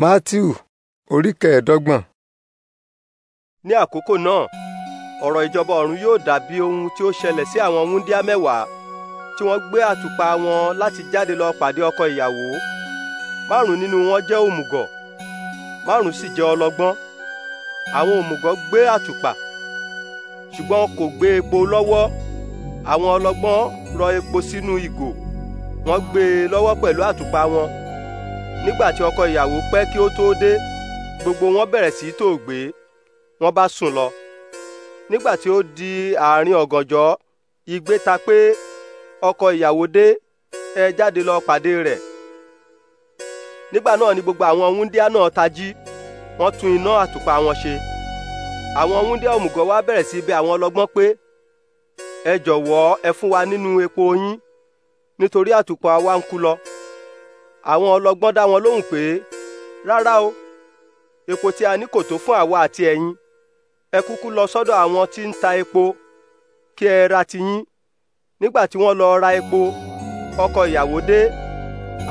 Matthew, orí kẹẹ̀ẹ́dọ́gbọ̀n. Ní àkókò náà, ọ̀rọ̀ ìjọba ọ̀run yóò dàbí ohun tí ó ṣẹlẹ̀ sí àwọn wúńdíá mẹ́wàá tí wọ́n gbé àtùpà wọn láti jáde lọ pàdé ọkọ ìyàwó. Márùn-ún nínú wọn jẹ́ òmùgọ̀, márùn-ún sì jẹ́ ọlọ́gbọ́n. Àwọn òmùgọ̀ gbé àtùpà, ṣùgbọ́n kò gbé epo lọ́wọ́. Àwọn ọlọ́gbọ́n rọ epo sínú ìgò, wọ́n gbé e lọ́wọ́ pẹ̀lú àtùpà wọn nígbà tí ọkọ ìyàwó pẹ́ kí ó tó dé gbogbo wọn bẹ̀rẹ̀ sí í tòògbé wọ́n bá sùn lọ nígbà tí ó di àárín ọ̀gànjọ́ igbe ta pé ọkọ ìyàwó dé ẹ jáde lọ pàdé rẹ̀ nígbà náà ni gbogbo àwọn wúndíá náà tají wọ́n tún iná àtùpà wọn ṣe àwọn wúndíá òmùgọ̀ wa bẹ̀rẹ̀ sí bẹ̀ àwọn ọlọ́gbọ́n pé ẹ jọ̀wọ́ ẹ fún wa nínú epo yín nítorí àtùpà wa ń kú lọ àwọn ọlọ́gbọ́n dá wọn lóhùn pé rárá o epo tí a ní kò tó fún àwa àti ẹ̀yin ẹ kúkú lọ sọ́dọ̀ àwọn tí ń ta epo kí ẹ ra tiyín nígbà tí wọ́n lọ ra epo ọkọ ìyàwó dé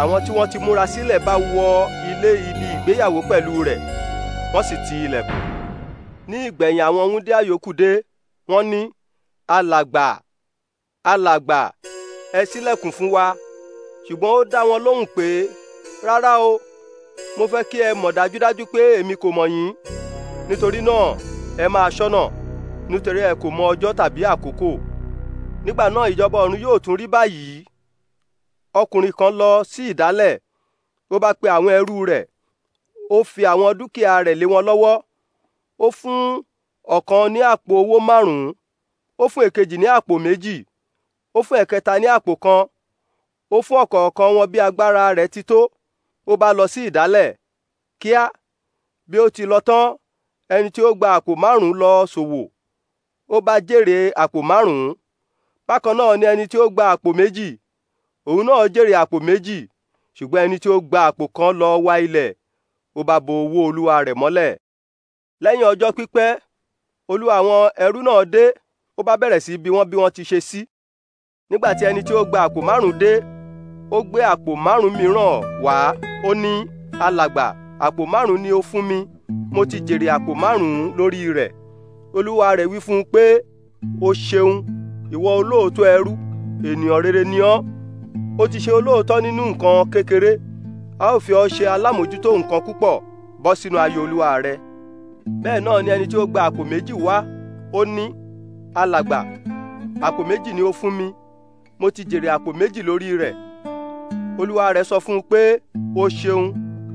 àwọn tí wọ́n ti múra sílẹ̀ bá wọ ilé ibi ìgbéyàwó pẹ̀lú rẹ̀ wọ́n sì ti ilẹ̀kùn ní ìgbẹ̀yìn àwọn wúndíá yòókù dé wọ́n ní alàgbà alàgbà ẹ ṣílẹ̀kùn fún wa ṣùgbọ́n ó dá wọn lóhùn pé rárá o mo fẹ́ kí ẹ mọ̀ dájúdájú pé èmi kò mọ̀ yín nítorí náà ẹ máa ṣọ́nà nítorí ẹ kò mọ ọjọ́ tàbí àkókò nígbà náà ìjọba ọ̀run yóò tún rí báyìí ọkùnrin kan lọ sí ìdálẹ̀ ó bá pe àwọn ẹrú rẹ̀ ó fi àwọn dúkìá rẹ̀ lé wọn lọ́wọ́ ó fún ọ̀kan ní àpò owó márùn-ún ó fún èkejì ní àpò méjì ó fún ẹ̀kẹta ní àpò kan ó fún ọ̀kọ̀ọ̀kan wọn bí agbára rẹ̀ ti tó ó bá lọ sí ìdálẹ̀ kíá bí ó ti lọ tán ẹni tí ó gba àpò márùn-ún lọ ṣòwò ó bá jèrè àpò márùn-ún bákan náà ni ẹni tí ó gba àpò méjì òun náà jèrè àpò méjì ṣùgbọ́n ẹni tí ó gba àpò kan lọ wá ilẹ̀ ó bá bo owó olúwa rẹ̀ mọ́lẹ̀ lẹ́yìn ọjọ́ pípẹ́ olúwa àwọn ẹrú náà dé ó bá bẹ̀rẹ̀ sí bí wọ́n bí wọ́n ti ṣe sí nígbà tí ẹni tí ó gba àpò márùn-ún dé ó gbé àpò márùn mìíràn wá ó ní alàgbà àpò márùn ni ó fún mi mo ti jèrè àpò márùn lórí rẹ̀ olúwa rẹ̀ wí fún un pé o ṣeun ìwọ olóòótọ́ ẹrú ènìyàn rere ni ọ́ o ti ṣe olóòótọ́ nínú nǹkan kékeré a ó fi ọ́ ṣe alámòjútó nǹkan púpọ̀ bọ́ sínú ayọ̀ olúwa rẹ bẹ́ẹ̀ náà ni ẹni tí ó gba àpò méjì wá ó ní alàgbà àpò méjì ni ó fún mi mo ti jèrè àpò méjì lórí rẹ̀ olúwa rẹ̀ sọ fún un pé o ṣeun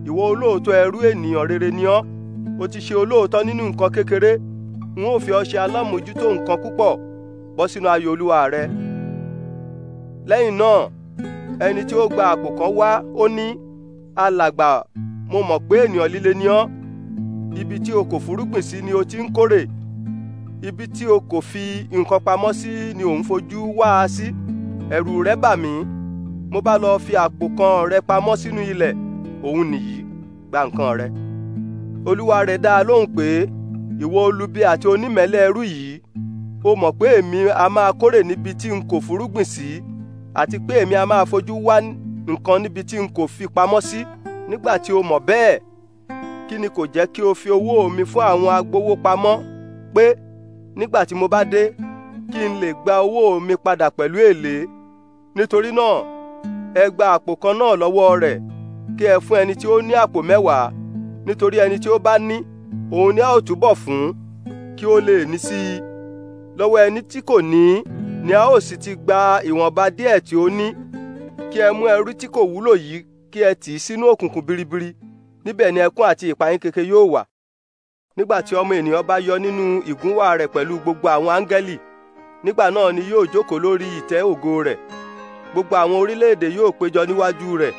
ìwọ olóòótọ́ ẹrú ènìyàn rere ni ọ́ o ti ṣe olóòótọ́ nínú nǹkan kékeré n ó fi ọ ṣe alámòjútó nǹkan púpọ̀ bọ́ sínú ayọ̀ olúwa rẹ lẹ́yìn náà ẹni tí ó gba àpò kan wá ó ní alàgbà mo mọ̀ pé ènìyàn líle ni ọ́ ibi tí o kò fúrúgbìn sí ni o ti ń kórè ibi tí o kò fi nǹkan pamọ́ sí ni ò ń fojú wá a sí ẹ̀rù rẹ bà mí mo bá lọ fi àpò kan rẹ pamọ́ sínú ilẹ̀ òun nìyí gba nǹkan rẹ olúwa rẹ̀ dá a lóhùn pé ìwọ olubi àti onímẹ̀lẹ́ ẹrú yìí o mọ̀ pé èmi a máa kórè níbi tí n kò furúgbìn sí àti pé èmi a máa fojú wá nǹkan níbi tí n kò fi pamọ́ sí nígbà tí o mọ̀ bẹ́ẹ̀ kí ni kò jẹ́ kí o fi owó mi fún àwọn agbowó pamọ́ pé nígbà tí mo bá dé kí n lè gba owó mi padà pẹ̀lú èlé nítorí náà ẹ gba àpò kan náà lọ́wọ́ rẹ̀ kí ẹ fún ẹni tí ó ní àpò mẹ́wàá nítorí ẹni tí ó bá ní òun ni a ó túbọ̀ fún kí ó lè ní sí i lọ́wọ́ ẹni tí kò ní ni a ó sì ti gba ìwọ̀nba díẹ̀ tí ó ní kí ẹ mú ẹrú tí kò wúlò yìí kí ẹ tì í sínú òkùnkùn biribiri níbẹ̀ ni ẹkún àti ìpayín keke yóò wà nígbà tí ọmọ ènìyàn bá yọ nínú ìgúnwà rẹ̀ pẹ̀lú gbogbo àwọn áńgẹ́lì nígbà náà ni yóò jókòó lórí ìtẹ́ ògo rẹ̀ gbogbo àwọn orílẹ̀-èdè yóò péjọ níwájú rẹ̀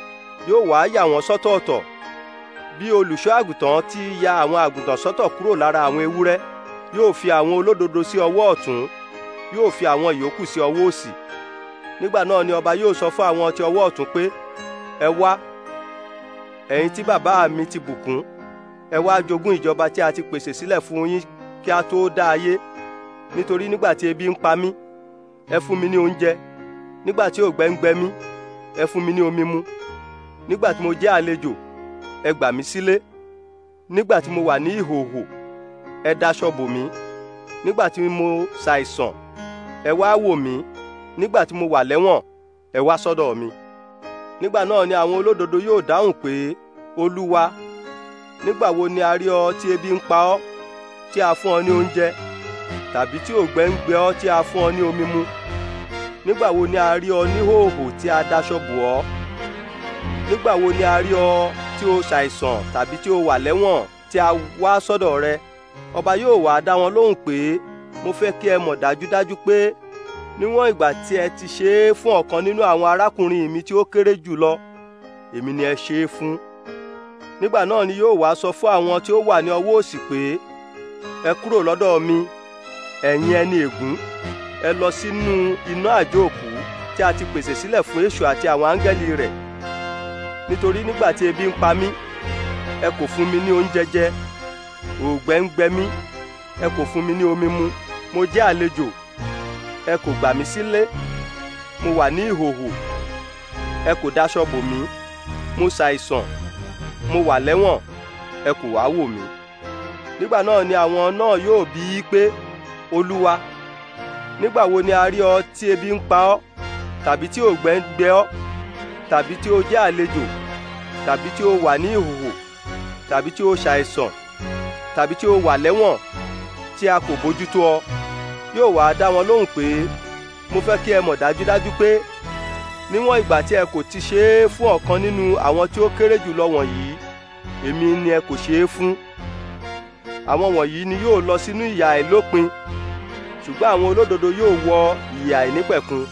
yóò wá yà wọ́n sọ́tọ̀ọ̀tọ̀ bí olùṣọ́ àgùntàn ti ya àwọn àgùntàn sọ́tọ̀ kúrò lára àwọn ewúrẹ́ yóò fi àwọn olódodo sí ọwọ́ ọ̀tún yóò fi àwọn ìyókù sí ọwọ́ òsì nígbà náà ni ọba yóò sọ fún àwọn ti ọwọ́ ọ̀tún pé ẹ wá ẹ̀yin tí bàbá mi ti bùkún ẹ wá jogún ìjọba tí a ti pèsè sílẹ̀ fún yín kí a tó dá ayé nítorí nígbà tí ebi ń pa mí ẹ fún mi ní oúnjẹ nígbà tí òǹgbẹ ń gbẹ mí ẹ fún mi ní omi mu nígbà tí mo jẹ́ àlejò ẹ gbà mí sílé nígbà tí mo wà ní ìhòòhò ẹ daṣọ bò mí nígbà tí mo ṣàìsàn ẹ wá wò mí nígbà tí mo wà lẹ́wọ̀n ẹ wá sọ́dọ̀ mi nígbà náà ni àwọn olódodo yóò dáhùn pé olúwa nígbà wo ni a rí ọ tí ebi ń pa ọ́ tí a fún ọ ní oúnjẹ tàbí tí òǹgbẹ ń gbẹ ọ́ tí a fún ọ ní omi mu nígbà wo ni a rí ọ níhòòhò tí a dáṣọ bò ọ́ nígbà wo ni a rí ọ tí o ṣàìsàn tàbí tí o wà lẹ́wọ̀n tí a wá sọ́dọ̀ rẹ ọba yóò wá dá wọn lóhùn pé mo fẹ́ kí ẹ mọ̀ dájúdájú pé níwọ̀n ìgbà tí ẹ ti ṣe é fún ọ̀kan nínú àwọn arákùnrin mi tí ó kéré jù lọ èmi ni ẹ ṣe é fún nígbà náà ni yóò wá sọ fún àwọn tí ó wà ní ọwọ́ òsì pé ẹ kúrò lọ́dọ̀ mi ẹ̀yin ẹni ègún ẹ lọ sínú iná àjò òkú tí a ti pèsè sílẹ̀ fún èṣù àti àwọn áńgẹ́lì rẹ̀ nítorí nígbà tí ebi ń pa mí ẹ kò fún mi ní oúnjẹ jẹ òògbẹ ń gbẹ mí ẹ kò fún mi ní omi mu mo jẹ́ àlejò ẹ kò gbà mí sílé mo wà ní ìhòhò ẹ kò daṣọ bò mí mo ṣàìsàn mo wà lẹ́wọ̀n ẹ kò wá wò mí nígbà náà ni àwọn náà yóò bi í pé olúwa nígbà wo ni a rí ọ tí ebi ń pa ọ́ tàbí tí òǹgbẹ ń gbẹ ọ́ tàbí tí o jẹ́ àlejò tàbí tí o wà ní ìhòhò tàbí tí o ṣàìsàn tàbí tí o wà lẹ́wọ̀n tí a kò bójútó ọ yóò wá dá wọn lóhùn pé mo fẹ́ kí ẹ mọ̀ dájúdájú pé níwọ̀n ìgbà tí ẹ kò ti ṣe é fún ọ̀kan nínú àwọn tí ó kéré jùlọ wọ̀nyí èmi ni ẹ kò ṣe é fún àwọn wọ̀nyí ni yóò lọ sínú ìyà àìlópin. E ṣùgbọ́n àwọn olódodo yóò wọ ìyè àìnípẹ̀kun